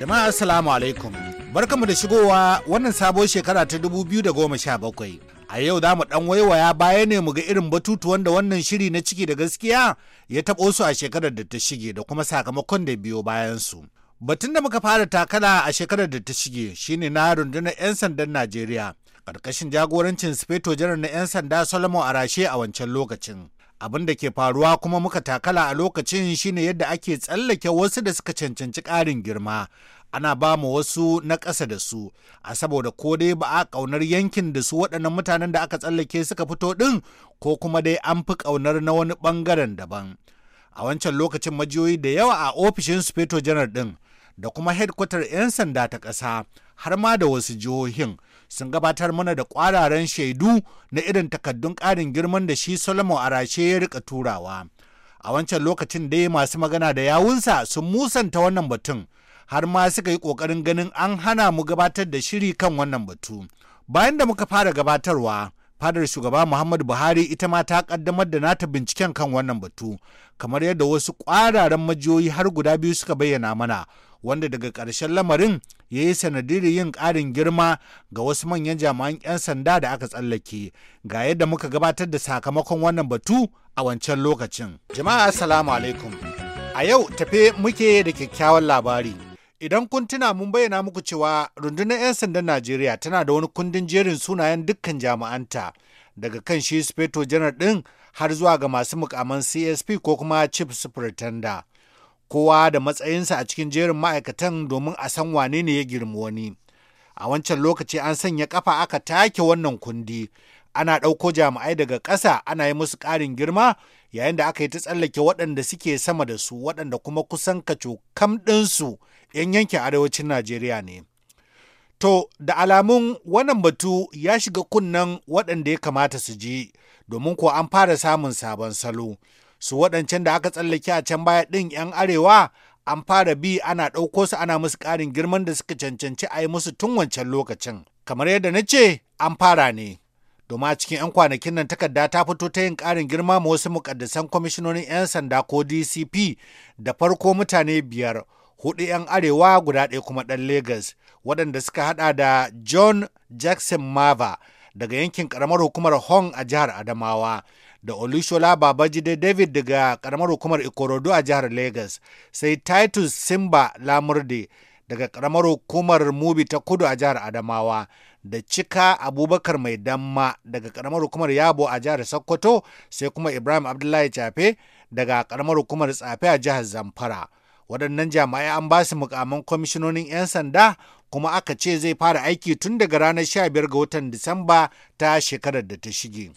Jama'a Assalamu alaikum. Barkamu da shigowa wannan sabon shekara ta 2017. A yau za mu ɗan waiwaya baya ne mu ga irin batutuwan da wannan shiri na ciki da gaskiya ya taɓo su a shekarar da ta shige da kuma sakamakon da biyo bayan su. Batun da muka fara takala a shekarar da ta shige shine na rundunar 'yan sandan Najeriya. ƙarkashin jagorancin Sufeto Janar na 'yan sanda Solomon Arashe a wancan lokacin. abin da ke faruwa kuma muka takala a lokacin shine yadda ake tsallake wasu da suka cancanci ƙarin girma ana ba mu wasu na ƙasa da su a saboda ko dai ba a ƙaunar yankin da su waɗannan mutanen da aka tsallake suka fito ɗin ko kuma dai an fi ƙaunar na wani ɓangaren daban a wancan lokacin majiyoyi da yawa a ofishin speto janar ɗin da kuma hedkwatar 'yan sanda ta ƙasa har ma da wasu jihohin sun gabatar mana da kwararen shaidu na irin takaddun ƙarin girman da shi Solomon Arashe ya rika turawa. A wancan lokacin dai masu magana da yawunsa sun musanta wannan batun, har ma suka yi ƙoƙarin ganin an hana mu gabatar da shiri kan wannan batu. Bayan da muka fara gabatarwa, fadar shugaba Muhammadu Buhari ita ma ta kaddamar da nata binciken kan wannan batu, kamar yadda wasu ƙwararen majiyoyi har guda biyu suka bayyana mana. wanda daga ƙarshen lamarin ya yi sanadiyar yin ƙarin girma ga wasu manyan jami'an 'yan sanda da aka tsallake ga yadda muka gabatar da sakamakon wannan batu a wancan lokacin jama'a assalamu alaikum a yau tafe muke da kyakkyawan labari idan kun tuna mun bayyana muku cewa rundunar 'yan sandan najeriya tana da wani kundin jerin sunayen dukkan jami'anta daga kan shi speto janar ɗin har zuwa ga masu mukaman csp ko kuma chief superintendent kowa da matsayinsa a cikin jerin ma'aikatan domin a san wane ne ya girmi wani. A wancan lokaci an sanya kafa aka take wannan kundi, ana ɗauko jami'ai daga ƙasa ana yi musu ƙarin girma yayin da aka yi ta tsallake waɗanda suke sama da su waɗanda kuma kusan kaco kam ɗinsu 'yan yankin arewacin Najeriya ne. To, da alamun wannan batu ya shiga kunnen waɗanda ya kamata su je domin ko an fara samun sabon salo. su waɗancan da aka tsallake a can baya ɗin 'yan arewa an fara bi ana ɗauko su ana musu ƙarin girman da suka cancanci a yi musu tun wancan lokacin kamar yadda na ce an fara ne domin a cikin 'yan kwanakin nan takarda ta fito ta yin ƙarin girma ma wasu mukaddasan kwamishinonin 'yan sanda ko dcp da farko mutane biyar hudu 'yan arewa guda ɗaya kuma ɗan Legas, waɗanda suka hada da John Jackson Mava daga yankin ƙaramar hukumar Hong a jihar Adamawa da Olushola Babajide David daga karamar hukumar Ikorodu a jihar Legas, sai Titus Simba Lamurde daga karamar hukumar Mubi ta Kudu a jihar Adamawa, da Cika Abubakar Mai Damma daga karamar hukumar Yabo a jihar Sokoto, sai kuma Ibrahim Abdullahi Chafe daga karamar hukumar Tsafe a jihar Zamfara. Waɗannan jami'ai an basu su mukamin kwamishinonin 'yan sanda kuma aka ce zai fara aiki tun daga ranar 15 ga watan Disamba ta shekarar da ta shige.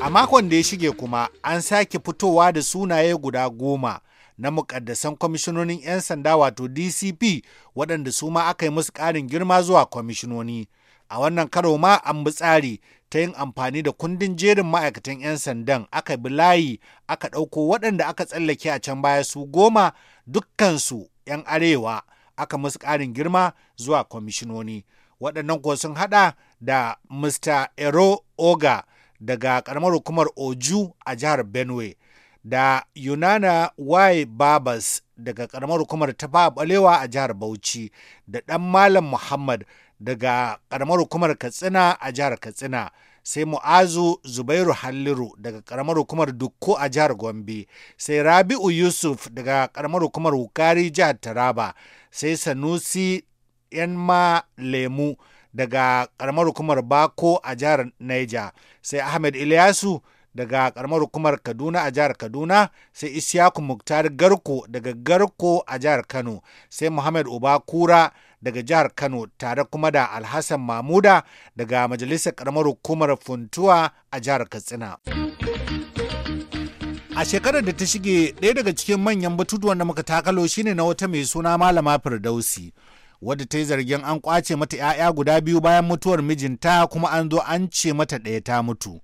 A makon da ya shige kuma an sake fitowa da sunaye guda goma na mukaddasan kwamishinonin 'yan sanda wato DCP waɗanda su ma aka yi musu ƙarin girma zuwa kwamishinoni. A wannan karo ma an bi tsari ta yin amfani da kundin jerin ma'aikatan 'yan sandan aka bi layi aka ɗauko waɗanda aka tsallake a can baya su goma dukkansu 'yan arewa aka musu ƙarin girma zuwa kwamishinoni. Waɗannan kuwa sun haɗa da Mr. Ero Oga daga karamar hukumar Oju a jihar Benue da Yunana Y Babas daga karamar hukumar taba Balewa a jihar Bauchi da ɗan Malam Muhammad daga karamar hukumar Katsina a jihar Katsina. sai mu'azu zubairu halliru daga karamar hukumar dukko a jihar gombe sai rabi'u yusuf daga karamar hukumar wukari jihar taraba sai sanusi yanma lemu daga karamar hukumar Bako a jihar Niger, sai Ahmed Ilyasu daga karamar hukumar Kaduna a jihar Kaduna, sai Isiyaku Muktar Garko daga Garko a jihar Kano, sai Muhammad obakura daga jihar Kano tare kuma da Alhassan Mamuda daga Majalisar Karamar Hukumar Funtuwa a jihar Katsina. A shekarar da ta shige ɗaya daga cikin manyan batutuwan da muka takalo shine na wata mai suna Malama Firdausi. wadda ta yi zargin an kwace mata 'ya'ya guda biyu bayan mutuwar mijinta kuma an zo an ce mata ɗaya ta mutu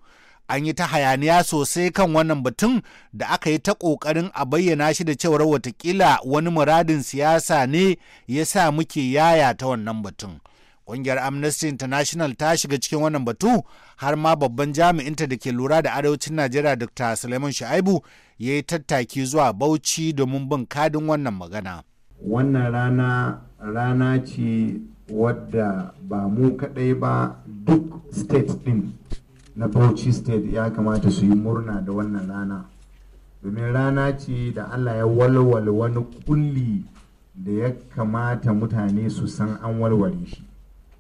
an yi ta hayaniya sosai kan wannan batun da aka yi ta ƙoƙarin a bayyana shi da cewar watakila wani muradin siyasa ne ya sa muke yaya ta wannan batun ƙungiyar amnesty international ta shiga cikin wannan batu har ma babban jami'inta da ke lura da arewacin najeriya dr suleiman shu'aibu ya yi tattaki zuwa bauchi domin bin kadin wannan magana wannan rana rana ce wadda ba mu kaɗai ba duk state din na bauchi state ya kamata su yi murna da wannan rana domin rana ce da allah ya walwale wani kulli da ya kamata mutane su san an warware shi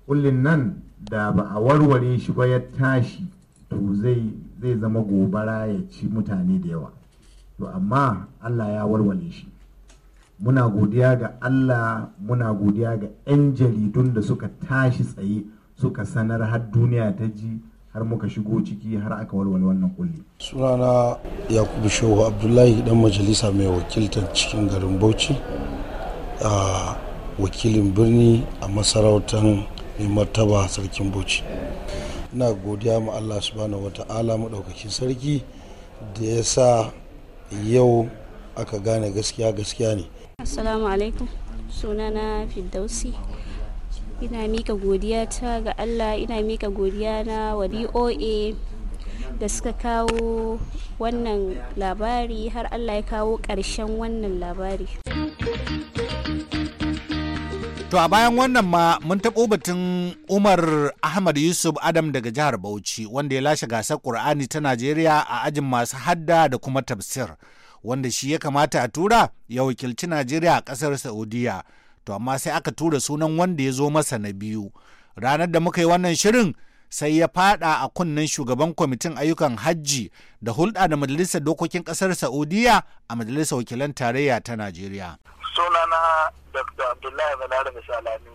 kullin nan da ba a warware shi ba ya tashi to zai zama gobara ya ci mutane da yawa to amma allah ya warware shi muna godiya ga Allah muna godiya ga 'yan jaridun da suka tashi tsaye suka sanar har duniya ta ji har muka shigo ciki har aka walwala wannan kulli. sunana yakubu shehu abdullahi dan majalisa mai wakiltar cikin garin bauchi a wakilin birni a masarautar mai martaba sarkin bauchi ina godiya ma allah wata ala maɗaukakin sarki da ya sa yau aka gane gaskiya gaskiya ne assalamu alaikum sunana fiddausi ina mika godiya ta ga allah ina mika godiya na wa doa da suka kawo wannan labari har allah ya kawo ƙarshen wannan labari to a bayan wannan ma mun taɓo batun umar ahmad yusuf adam daga jihar bauchi wanda ya lashe gasar ƙur'ani ta najeriya a ajin masu hadda da kuma tafsir wanda shi ya kamata a tura ya wakilci najeriya a ƙasar saudiya to amma sai aka tura sunan wanda ya zo masa na biyu ranar da muka yi wannan shirin sai ya fada a kunnen shugaban kwamitin ayyukan hajji da hulɗa da majalisar dokokin ƙasar saudiya a majalisar wakilan tarayya ta najeriya sunana dr abdullahi balarabe salami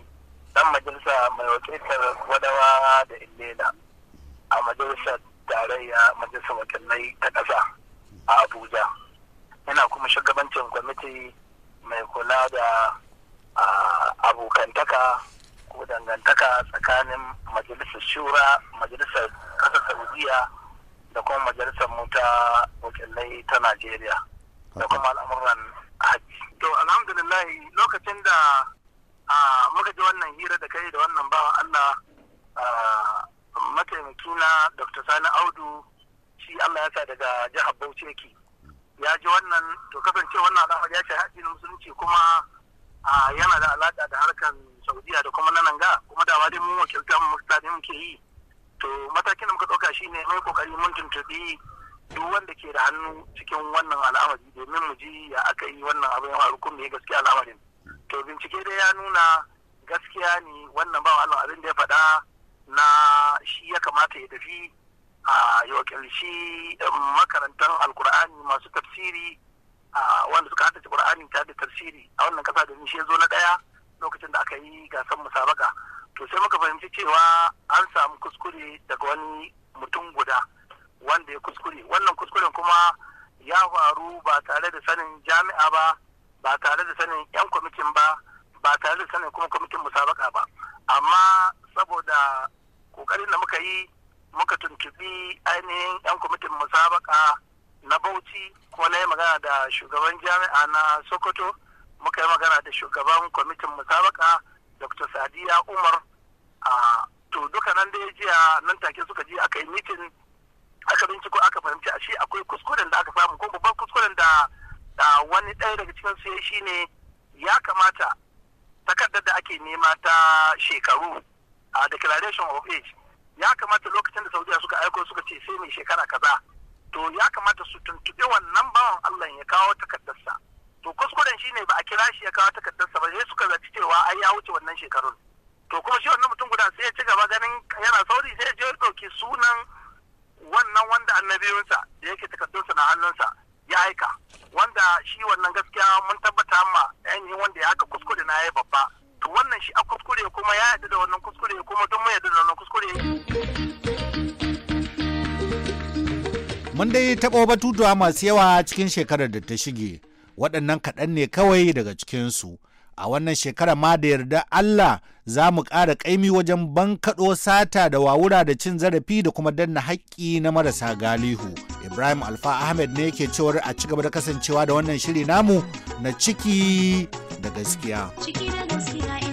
dan majalisa mai wakiltar wadawa da illela a majalisar tarayya majalisar wakilai ta ƙasa a abuja yana kuma shugabancin kwamiti mai kula da abokantaka ko dangantaka tsakanin majalisar shura majalisar kasar saudiya da kuma majalisar mota wakilai ta najeriya da kuma al'amuran haji to alhamdulillah lokacin da muka ji wannan hira da kai da wannan bawa allah mataimaki na dr sani audu shi allah ya sa daga jihar bauchi yake ya ji wannan to kasance wannan al'amari ya shahi addinin musulunci kuma yana da alaƙa da harkan saudiya da kuma nanan ga kuma da dai mun wakilta mu mutane muke yi to matakin da muka ɗauka shine mai kokari mun tuntuɓi duk wanda ke da hannu cikin wannan al'amari domin mu ji ya aka yi wannan abin ya rukun da ya gaskiya al'amarin to bincike dai ya nuna gaskiya ne wannan ba wa abin da ya faɗa na shi ya kamata ya tafi ya wakilci um, makarantar alkur'ani masu tafsiri wanda suka haddace qur'ani ta da tafsiri a wannan kasa da shi zo na daya lokacin da aka yi gasar musabaka to sai muka fahimci cewa an samu kuskure daga wani mutum guda wanda ya kuskure wannan kuskuren kuma ya faru ba tare da sanin jami'a ba ba tare da sanin yan kwamitin ba ba tare da sanin kuma kwamitin musabaka ba amma saboda kokarin da muka yi muka tuntubi ainihin 'yan kwamitin musabaka na bauchi kuma na yi magana da shugaban jami'a na sokoto muka yi magana da shugaban kwamitin musabaka dr sadiya umar a to duka nan da ya jiya nan take suka ji aka yi mitin aka binciko aka fahimci a shi akwai kuskuren da aka samu ko babban kuskuren da wani ɗaya daga cikin su ne, ya kamata takardar da ake nema ta shekaru a declaration of age ya kamata lokacin da saudiya suka aiko suka ce sai mai shekara kaza to ya kamata su tuntuɓi wannan bawan allah ya kawo takardarsa to kuskuren shi ne ba a kira shi ya kawo takardarsa ba sai suka zaci cewa ai ya wuce wannan shekarun to kuma shi wannan mutum guda sai ya ci gaba ganin yana sauri sai ya je ɗauki sunan wannan wanda annabiyunsa da yake takardunsa na hannunsa ya aika wanda shi wannan gaskiya mun tabbata ma ainihin wanda ya haka kuskure na ya yi babba to wannan shi a kuskure kuma ya yadda da wannan kuskure kuma don mu yadda da wannan kuskure mun dai taɓa batutuwa masu yawa cikin shekarar da ta shige waɗannan kaɗan ne kawai daga cikinsu a wannan shekara ma da yarda Allah za mu ƙara ƙaimi wajen bankaɗo sata da wawura da cin zarafi da kuma danna haƙƙi na marasa galihu. Ibrahim Alfa Ahmed ne yake cewar a ci gaba da kasancewa da wannan shiri namu na ciki da gaskiya. Ciki da Skinner.